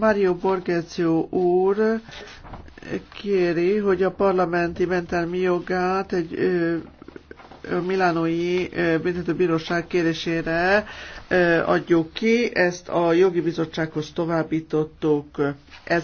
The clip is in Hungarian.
Mario Borgesio úr kéri, hogy a parlamenti mentelmi jogát egy Milánói Büntetőbíróság kérésére adjuk ki, ezt a jogi bizottsághoz továbbítottuk. Ez